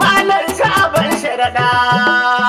malar sabon sharaɗa.